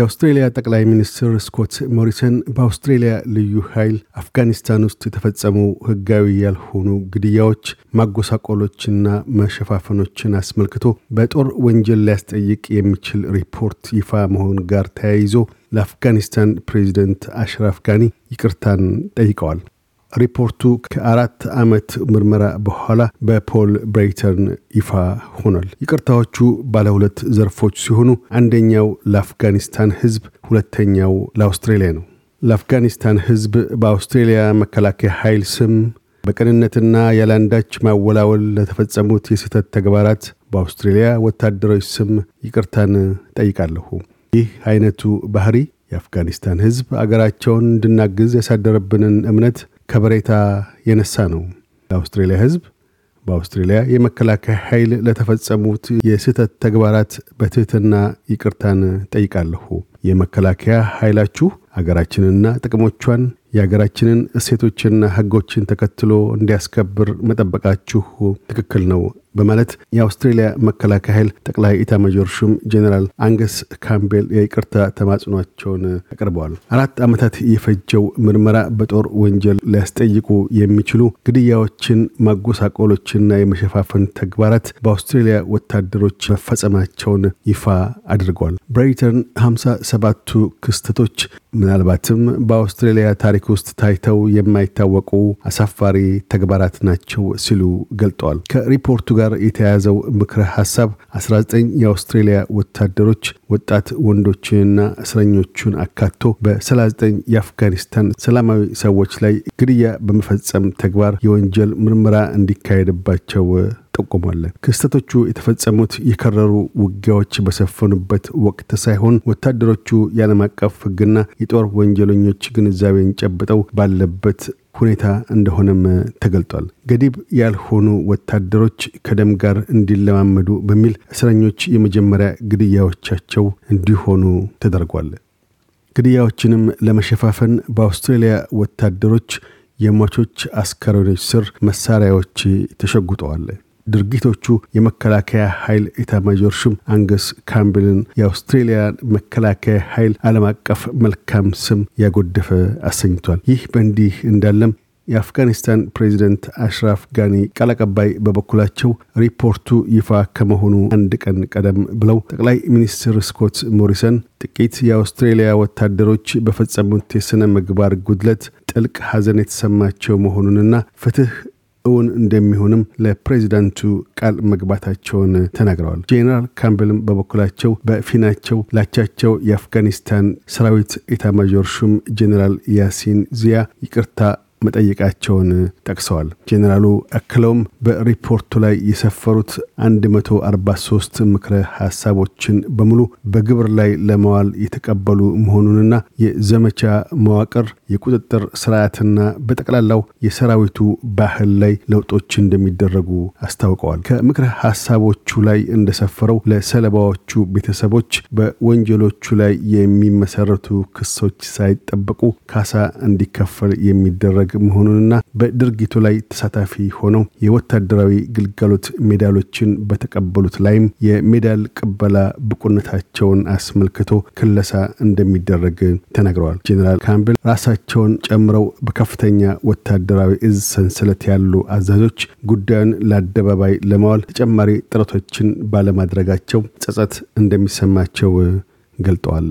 የአውስትሬልያ ጠቅላይ ሚኒስትር ስኮት ሞሪሰን በአውስትሬልያ ልዩ ኃይል አፍጋኒስታን ውስጥ የተፈጸሙ ህጋዊ ያልሆኑ ግድያዎች፣ ማጎሳቆሎችና መሸፋፈኖችን አስመልክቶ በጦር ወንጀል ሊያስጠይቅ የሚችል ሪፖርት ይፋ መሆን ጋር ተያይዞ ለአፍጋኒስታን ፕሬዚደንት አሽራፍ ጋኒ ይቅርታን ጠይቀዋል። ሪፖርቱ ከአራት ዓመት ምርመራ በኋላ በፖል ብሬይተርን ይፋ ሆኗል። ይቅርታዎቹ ባለ ሁለት ዘርፎች ሲሆኑ አንደኛው ለአፍጋኒስታን ሕዝብ፣ ሁለተኛው ለአውስትሬሊያ ነው። ለአፍጋኒስታን ሕዝብ በአውስትሬሊያ መከላከያ ኃይል ስም በቅንነትና ያለአንዳች ማወላወል ለተፈጸሙት የስህተት ተግባራት በአውስትሬሊያ ወታደሮች ስም ይቅርታን ጠይቃለሁ። ይህ አይነቱ ባህሪ የአፍጋኒስታን ሕዝብ አገራቸውን እንድናግዝ ያሳደረብንን እምነት ከበሬታ የነሳ ነው። ለአውስትሬልያ ህዝብ በአውስትሬልያ የመከላከያ ኃይል ለተፈጸሙት የስህተት ተግባራት በትህትና ይቅርታን ጠይቃለሁ። የመከላከያ ኃይላችሁ አገራችንና ጥቅሞቿን የሀገራችንን እሴቶችና ህጎችን ተከትሎ እንዲያስከብር መጠበቃችሁ ትክክል ነው በማለት የአውስትሬልያ መከላከያ ኃይል ጠቅላይ ኢታመጆር ሹም ጀኔራል አንገስ ካምቤል የይቅርታ ተማጽኗቸውን አቅርበዋል። አራት ዓመታት የፈጀው ምርመራ በጦር ወንጀል ሊያስጠይቁ የሚችሉ ግድያዎችን፣ ማጎሳቆሎችና የመሸፋፈን ተግባራት በአውስትሬልያ ወታደሮች መፈጸማቸውን ይፋ አድርጓል ብሬይተን 57ቱ ክስተቶች ምናልባትም በአውስትሬልያ ታሪክ ታሪክ ውስጥ ታይተው የማይታወቁ አሳፋሪ ተግባራት ናቸው ሲሉ ገልጠዋል። ከሪፖርቱ ጋር የተያያዘው ምክረ ሐሳብ 19 የአውስትሬልያ ወታደሮች ወጣት ወንዶችንና እስረኞቹን አካቶ በ39 የአፍጋኒስታን ሰላማዊ ሰዎች ላይ ግድያ በመፈጸም ተግባር የወንጀል ምርመራ እንዲካሄድባቸው ይጠቁማል። ክስተቶቹ የተፈጸሙት የከረሩ ውጊያዎች በሰፈኑበት ወቅት ሳይሆን ወታደሮቹ የዓለም አቀፍ ሕግና የጦር ወንጀለኞች ግንዛቤን ጨብጠው ባለበት ሁኔታ እንደሆነም ተገልጧል። ገዲብ ያልሆኑ ወታደሮች ከደም ጋር እንዲለማመዱ በሚል እስረኞች የመጀመሪያ ግድያዎቻቸው እንዲሆኑ ተደርጓል። ግድያዎችንም ለመሸፋፈን በአውስትሬሊያ ወታደሮች የሟቾች አስከሬኖች ስር መሳሪያዎች ተሸጉጠዋል። ድርጊቶቹ የመከላከያ ኃይል ኢታማዦር ሹም አንገስ ካምቢልን የአውስትሬልያ መከላከያ ኃይል ዓለም አቀፍ መልካም ስም ያጎደፈ አሰኝቷል። ይህ በእንዲህ እንዳለም የአፍጋኒስታን ፕሬዚደንት አሽራፍ ጋኒ ቃል አቀባይ በበኩላቸው ሪፖርቱ ይፋ ከመሆኑ አንድ ቀን ቀደም ብለው ጠቅላይ ሚኒስትር ስኮት ሞሪሰን ጥቂት የአውስትሬሊያ ወታደሮች በፈጸሙት የሥነ ምግባር ጉድለት ጥልቅ ሐዘን የተሰማቸው መሆኑንና ፍትህ እውን እንደሚሆንም ለፕሬዚዳንቱ ቃል መግባታቸውን ተናግረዋል። ጄኔራል ካምብልም በበኩላቸው በፊናቸው ላቻቸው የአፍጋኒስታን ሰራዊት ኢታማዦር ሹም ጄኔራል ያሲን ዚያ ይቅርታ መጠየቃቸውን ጠቅሰዋል። ጄኔራሉ አክለውም በሪፖርቱ ላይ የሰፈሩት 143 ምክረ ሀሳቦችን በሙሉ በግብር ላይ ለመዋል የተቀበሉ መሆኑንና የዘመቻ መዋቅር፣ የቁጥጥር ስርዓትና በጠቅላላው የሰራዊቱ ባህል ላይ ለውጦች እንደሚደረጉ አስታውቀዋል። ከምክረ ሀሳቦቹ ላይ እንደሰፈረው ለሰለባዎቹ ቤተሰቦች በወንጀሎቹ ላይ የሚመሰረቱ ክሶች ሳይጠበቁ ካሳ እንዲከፈል የሚደረግ የሚደረግ መሆኑንና በድርጊቱ ላይ ተሳታፊ ሆነው የወታደራዊ ግልጋሎት ሜዳሎችን በተቀበሉት ላይም የሜዳል ቅበላ ብቁነታቸውን አስመልክቶ ክለሳ እንደሚደረግ ተናግረዋል። ጄኔራል ካምብል ራሳቸውን ጨምረው በከፍተኛ ወታደራዊ እዝ ሰንሰለት ያሉ አዛዦች ጉዳዩን ለአደባባይ ለማዋል ተጨማሪ ጥረቶችን ባለማድረጋቸው ጸጸት እንደሚሰማቸው ገልጠዋል።